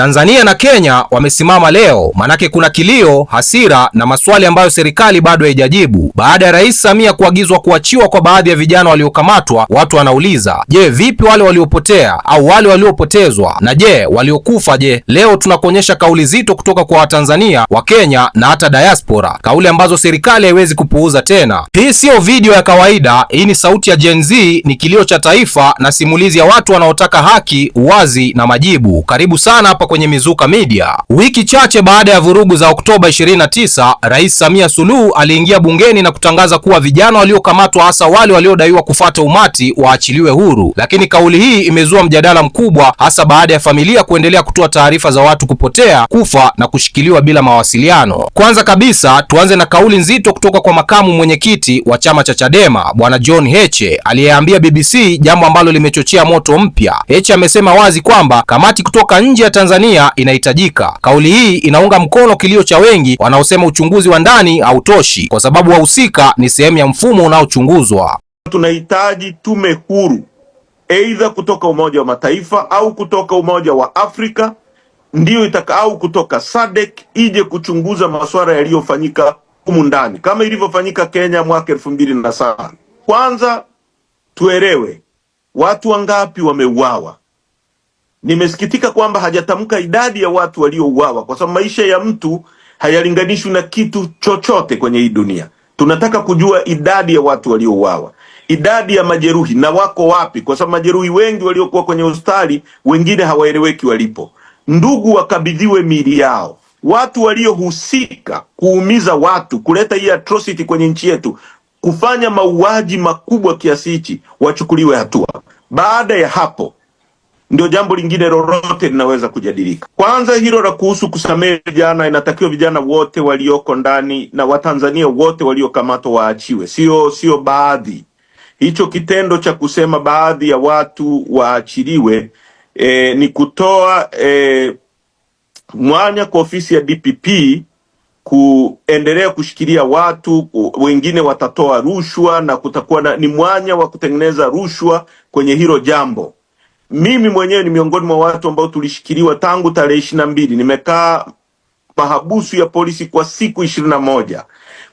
Tanzania na Kenya wamesimama leo, manake kuna kilio, hasira na maswali ambayo serikali bado haijajibu. Baada ya Rais Samia kuagizwa kuachiwa kwa baadhi ya vijana waliokamatwa, watu wanauliza, je, vipi wale waliopotea au wale waliopotezwa? Na je, waliokufa? Je, leo tunakuonyesha kauli zito kutoka kwa Watanzania, Wakenya na hata diaspora, kauli ambazo serikali haiwezi kupuuza tena. Hii siyo video ya kawaida, hii ni sauti ya Gen Z, ni kilio cha taifa na simulizi ya watu wanaotaka haki, uwazi na majibu. Karibu sana hapa kwenye Mizuka Media. Wiki chache baada ya vurugu za Oktoba 29, Rais Samia Suluhu aliingia bungeni na kutangaza kuwa vijana waliokamatwa, hasa wale waliodaiwa kufata umati, waachiliwe huru. Lakini kauli hii imezua mjadala mkubwa, hasa baada ya familia kuendelea kutoa taarifa za watu kupotea, kufa na kushikiliwa bila mawasiliano. Kwanza kabisa, tuanze na kauli nzito kutoka kwa makamu mwenyekiti wa chama cha Chadema Bwana John Heche aliyeambia BBC, jambo ambalo limechochea moto mpya. Heche amesema wazi kwamba kamati kutoka nje ya Tanzania Tanzania inahitajika. Kauli hii inaunga mkono kilio cha wengi wanaosema uchunguzi wa ndani hautoshi kwa sababu wahusika ni sehemu ya mfumo unaochunguzwa. Tunahitaji tume huru aidha kutoka Umoja wa Mataifa au kutoka Umoja wa Afrika ndiyo itaka au kutoka SADC ije kuchunguza masuala yaliyofanyika humu ndani kama ilivyofanyika Kenya mwaka elfu mbili na saba. Kwanza tuelewe watu wangapi wameuawa, Nimesikitika kwamba hajatamka idadi ya watu waliouawa, kwa sababu maisha ya mtu hayalinganishwi na kitu chochote kwenye hii dunia. Tunataka kujua idadi ya watu waliouawa, idadi ya majeruhi na wako wapi, kwa sababu majeruhi wengi waliokuwa kwenye hospitali, wengine hawaeleweki walipo. Ndugu wakabidhiwe miili yao. Watu waliohusika kuumiza watu, kuleta hii atrocity kwenye nchi yetu, kufanya mauaji makubwa kiasi hichi, wachukuliwe hatua. Baada ya hapo ndio jambo lingine lolote linaweza kujadilika. Kwanza hilo la kuhusu kusamehe vijana, inatakiwa vijana wote walioko ndani na Watanzania wote waliokamatwa waachiwe, sio sio baadhi. Hicho kitendo cha kusema baadhi ya watu waachiliwe e, ni kutoa e, mwanya kwa ofisi ya DPP kuendelea kushikilia watu wengine, watatoa rushwa na kutakuwa na, ni mwanya wa kutengeneza rushwa kwenye hilo jambo. Mimi mwenyewe ni miongoni mwa watu ambao tulishikiliwa tangu tarehe ishirini na mbili. Nimekaa mahabusu ya polisi kwa siku ishirini na moja.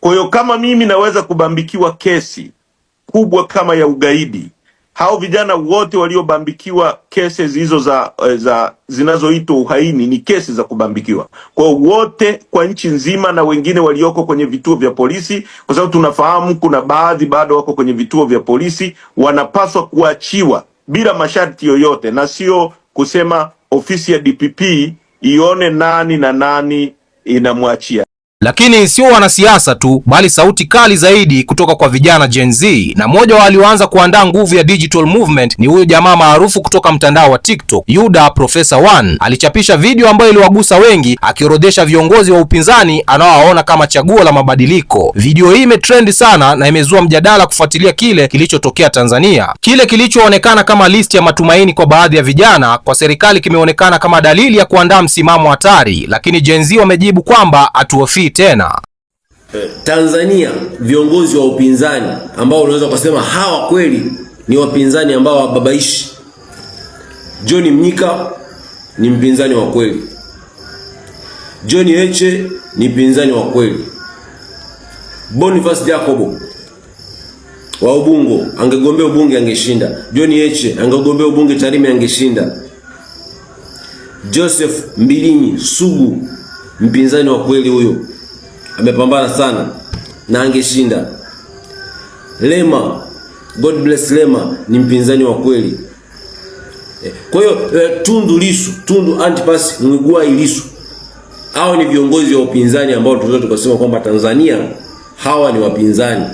Kwa hiyo kama mimi naweza kubambikiwa kesi kubwa kama ya ugaidi, hao vijana wote waliobambikiwa kesi hizo za, eh, za zinazoitwa uhaini ni kesi za kubambikiwa. Kwa wote kwa nchi nzima na wengine walioko kwenye vituo vya polisi, kwa sababu tunafahamu kuna baadhi bado wako kwenye vituo vya polisi, wanapaswa kuachiwa bila masharti yoyote, na sio kusema ofisi ya DPP ione nani na nani inamwachia. Lakini sio wanasiasa tu, bali sauti kali zaidi kutoka kwa vijana Gen Z, na mmoja wa walioanza kuandaa nguvu ya digital movement ni huyo jamaa maarufu kutoka mtandao wa TikTok, Yuda Professor One. Alichapisha video ambayo iliwagusa wengi, akiorodhesha viongozi wa upinzani anaowaona kama chaguo la mabadiliko. Video hii imetrendi sana na imezua mjadala kufuatilia kile kilichotokea Tanzania. Kile kilichoonekana kama listi ya matumaini kwa baadhi ya vijana, kwa serikali kimeonekana kama dalili ya kuandaa msimamo hatari, lakini Gen Z wamejibu kwamba hatuofii tena. Tanzania viongozi wa upinzani ambao unaweza kusema hawa kweli ni wapinzani ambao wababaishi. John Mnyika ni mpinzani wa kweli. John Heche ni mpinzani wa kweli. Boniface Jacobo wa Ubungo angegombea ubunge angeshinda. John Heche angegombea ubunge Tarime angeshinda. Joseph Mbilinyi Sugu mpinzani wa kweli huyo amepambana sana na angeshinda. Lema, God bless Lema ni mpinzani wa kweli. Eh, kwa hiyo eh, Tundu lisu Tundu Antipas Mughwai lisu hao ni viongozi wa upinzani ambao tunaweza tukasema kwamba Tanzania hawa ni wapinzani.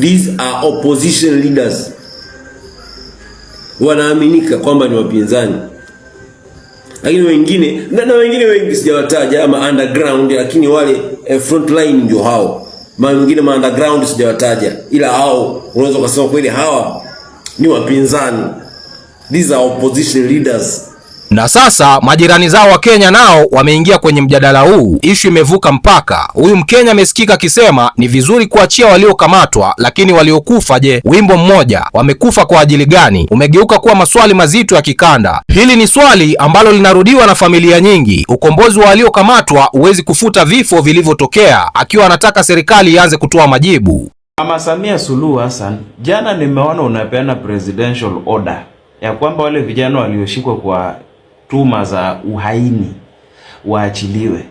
These are opposition leaders, wanaaminika kwamba ni wapinzani lakini wengine na wengine wengi sijawataja, ama underground, lakini wale eh, front line ndio hao. Ma wengine ma underground sijawataja, ila hao unaweza kusema kweli hawa ni wapinzani, these are opposition leaders na sasa majirani zao wa Kenya nao wameingia kwenye mjadala huu. Ishu imevuka mpaka. Huyu Mkenya amesikika akisema ni vizuri kuachia waliokamatwa, lakini waliokufa je? Wimbo mmoja wamekufa kwa ajili gani umegeuka kuwa maswali mazito ya kikanda. Hili ni swali ambalo linarudiwa na familia nyingi. Ukombozi wa waliokamatwa huwezi kufuta vifo vilivyotokea, akiwa anataka serikali ianze kutoa majibu. Mama Samia Suluhu Hassan, jana nimeona unapeana presidential order ya kwamba wale vijana walioshikwa kwa tuma za uhaini waachiliwe.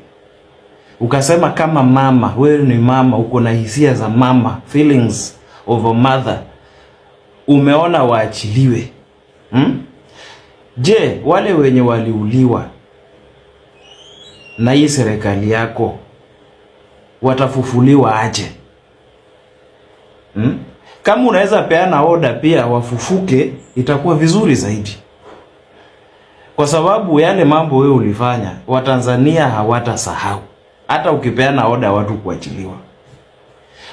Ukasema kama mama, wewe ni mama, uko na hisia za mama, feelings of a mother, umeona waachiliwe hmm? Je, wale wenye waliuliwa na hii serikali yako watafufuliwa aje hmm? Kama unaweza peana oda pia wafufuke, itakuwa vizuri zaidi kwa sababu yale mambo wewe ulifanya, Watanzania hawatasahau hata ukipeana oda watu kuachiliwa.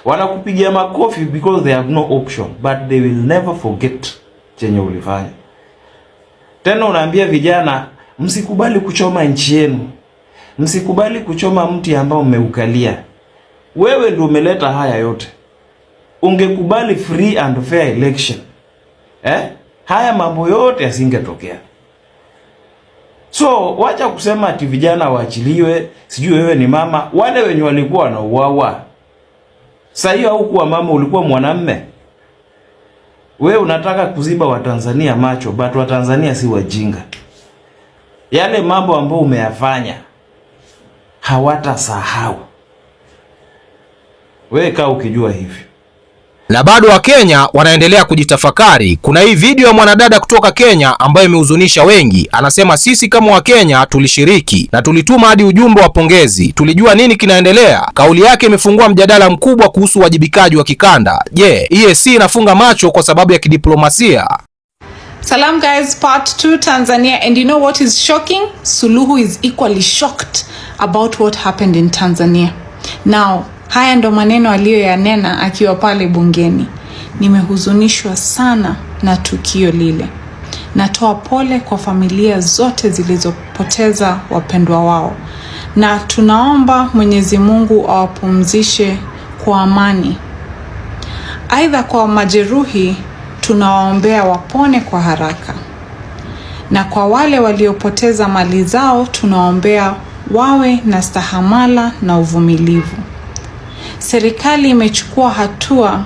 Wanakupigia makofi because they have no option, but they will never forget chenye ulifanya. Tena unaambia vijana msikubali kuchoma nchi yenu, msikubali kuchoma mti ambao mmeukalia. Wewe ndio umeleta haya yote. Ungekubali free and fair election eh, haya mambo yote yasingetokea. So wacha kusema ati vijana waachiliwe, sijui wewe ni mama. Wale wenye walikuwa wanauawa saa hiyo, haukuwa mama, ulikuwa mwanamme. wewe, unataka kuziba Watanzania macho, but Watanzania si wajinga. Yale mambo ambayo umeyafanya hawatasahau. Wewe kaa ukijua hivyo na bado Wakenya wanaendelea kujitafakari. Kuna hii video ya mwanadada kutoka Kenya ambayo imehuzunisha wengi. Anasema sisi kama Wakenya tulishiriki na tulituma hadi ujumbe wa pongezi, tulijua nini kinaendelea. Kauli yake imefungua mjadala mkubwa kuhusu uwajibikaji wa kikanda. Je, yeah, EAC inafunga macho kwa sababu ya kidiplomasia? Salam guys, part 2 Tanzania and you know what is shocking? Suluhu is equally shocked about what happened in Tanzania. Now, Haya ndo maneno aliyoyanena akiwa pale bungeni. Nimehuzunishwa sana na tukio lile. Natoa pole kwa familia zote zilizopoteza wapendwa wao, na tunaomba Mwenyezi Mungu awapumzishe kwa amani. Aidha, kwa majeruhi tunawaombea wapone kwa haraka, na kwa wale waliopoteza mali zao tunawaombea wawe na stahamala na uvumilivu serikali imechukua hatua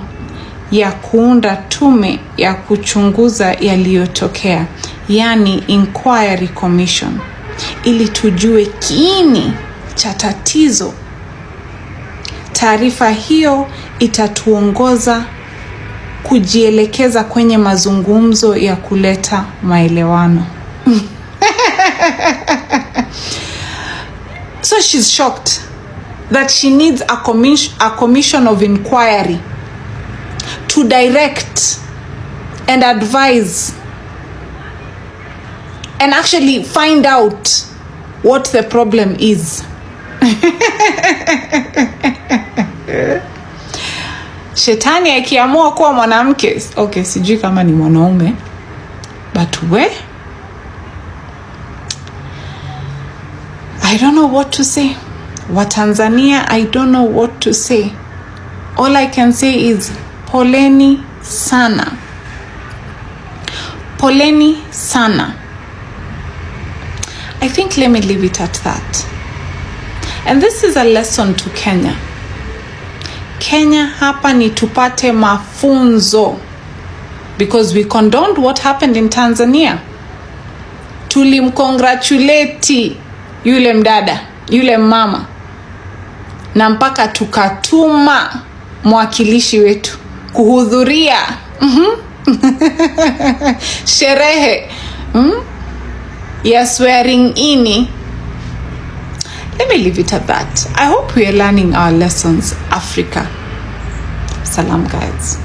ya kuunda tume ya kuchunguza yaliyotokea, yani inquiry commission, ili tujue kiini cha tatizo. Taarifa hiyo itatuongoza kujielekeza kwenye mazungumzo ya kuleta maelewano. So she's shocked that she needs a commission, a commission of inquiry to direct and advise and actually find out what the problem is. Shetani akiamua kuwa mwanamke, okay, sijui kama ni mwanaume but we I don't know what to say. Watanzania, I don't know what to say. All I can say is poleni sana, poleni sana. I think let me leave it at that. And this is a lesson to Kenya. Kenya hapa ni tupate mafunzo because we condoned what happened in Tanzania. Tulimcongratulate yule mdada, yule mama na mpaka tukatuma mwakilishi wetu kuhudhuria mm -hmm. sherehe mm? ya swearing ini. Let me leave it at that. I hope we are learning our lessons Africa. Salam guys.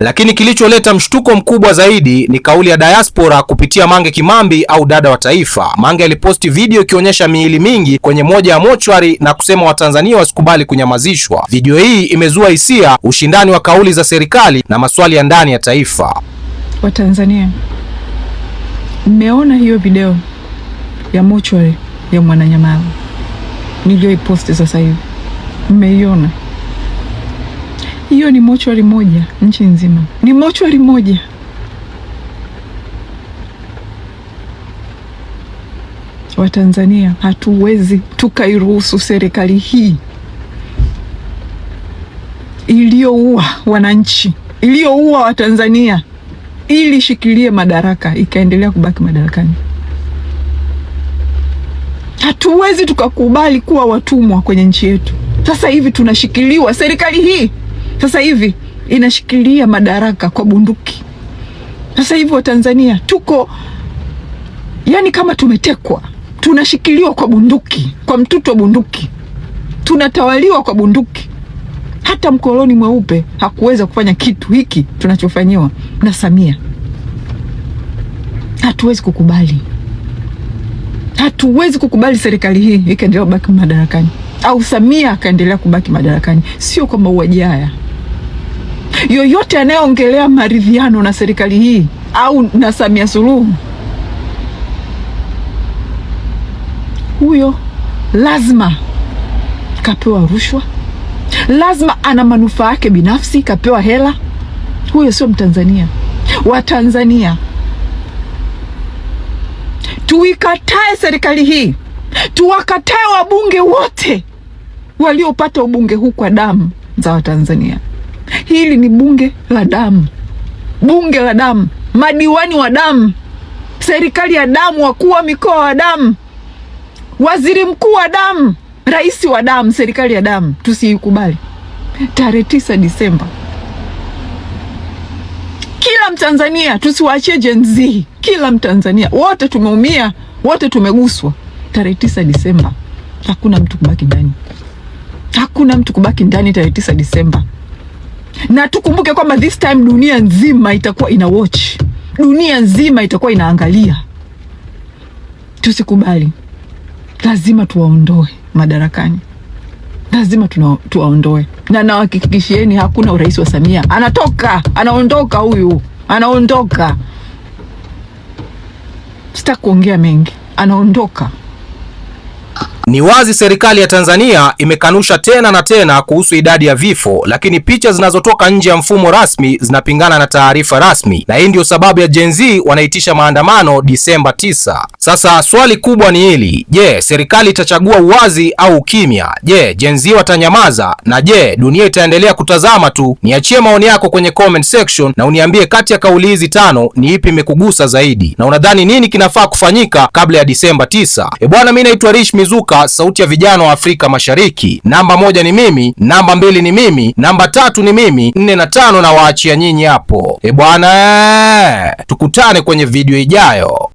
Lakini kilicholeta mshtuko mkubwa zaidi ni kauli ya diaspora kupitia Mange Kimambi au dada wa taifa. Mange aliposti video ikionyesha miili mingi kwenye moja ya mochwari na kusema Watanzania wasikubali kunyamazishwa. Video hii imezua hisia, ushindani wa kauli za serikali na maswali ya ndani ya taifa. Watanzania, mmeona hiyo video ya mochwari ya Mwananyamala niliyoiposti sasa hivi, mmeiona? Hiyo ni mochwari moja nchi nzima, ni mochwari moja. Watanzania hatuwezi tukairuhusu serikali hii iliyoua wananchi, iliyoua Watanzania ili ishikilie madaraka ikaendelea kubaki madarakani. Hatuwezi tukakubali kuwa watumwa kwenye nchi yetu. Sasa hivi tunashikiliwa serikali hii sasa hivi inashikilia madaraka kwa bunduki. Sasa hivi Watanzania tuko yani kama tumetekwa, tunashikiliwa kwa bunduki, kwa mtutu wa bunduki, tunatawaliwa kwa bunduki. Hata mkoloni mweupe hakuweza kufanya kitu hiki tunachofanyiwa na Samia. Hatuwezi kukubali, hatuwezi kukubali serikali hii ikaendelea kubaki madarakani au Samia akaendelea kubaki madarakani, sio kwa mauaji haya yoyote anayeongelea maridhiano na serikali hii au na Samia Suluhu, huyo lazima kapewa rushwa, lazima ana manufaa yake binafsi, kapewa hela. Huyo sio Mtanzania. Watanzania tuikatae serikali hii, tuwakatae wabunge wote waliopata ubunge huu kwa damu za Watanzania. Hili ni bunge la damu, bunge la damu, madiwani wa damu, serikali ya damu, wakuu wa mikoa wa damu, waziri mkuu wa damu, rais wa damu, serikali ya damu. Tusiikubali. Tarehe tisa Disemba, kila Mtanzania, tusiwaachie Gen Z, kila Mtanzania, wote tumeumia, wote tumeguswa. Tarehe tisa Disemba, hakuna mtu kubaki ndani, hakuna mtu kubaki ndani tarehe tisa Disemba na tukumbuke kwamba this time dunia nzima itakuwa ina watch, dunia nzima itakuwa inaangalia. Tusikubali, lazima tuwaondoe madarakani, lazima tuwaondoe, na nawahakikishieni hakuna urais wa Samia, anatoka anaondoka, huyu anaondoka. Sitaki kuongea mengi, anaondoka. Ni wazi serikali ya Tanzania imekanusha tena na tena kuhusu idadi ya vifo, lakini picha zinazotoka nje ya mfumo rasmi zinapingana na taarifa rasmi, na hii ndiyo sababu ya Gen Z wanaitisha maandamano Disemba 9. Sasa swali kubwa ni hili: je, serikali itachagua uwazi au ukimya? Je, Gen Z watanyamaza? Na je, dunia itaendelea kutazama tu? Niachie maoni yako kwenye comment section na uniambie kati ya kauli hizi tano ni ipi imekugusa zaidi, na unadhani nini kinafaa kufanyika kabla ya Disemba 9? Ebwana, mi naitwa Rich Mizuka kutoka sauti ya vijana wa Afrika Mashariki. Namba moja ni mimi, namba mbili ni mimi, namba tatu ni mimi, nne na tano na waachia nyinyi hapo. E bwana, tukutane kwenye video ijayo.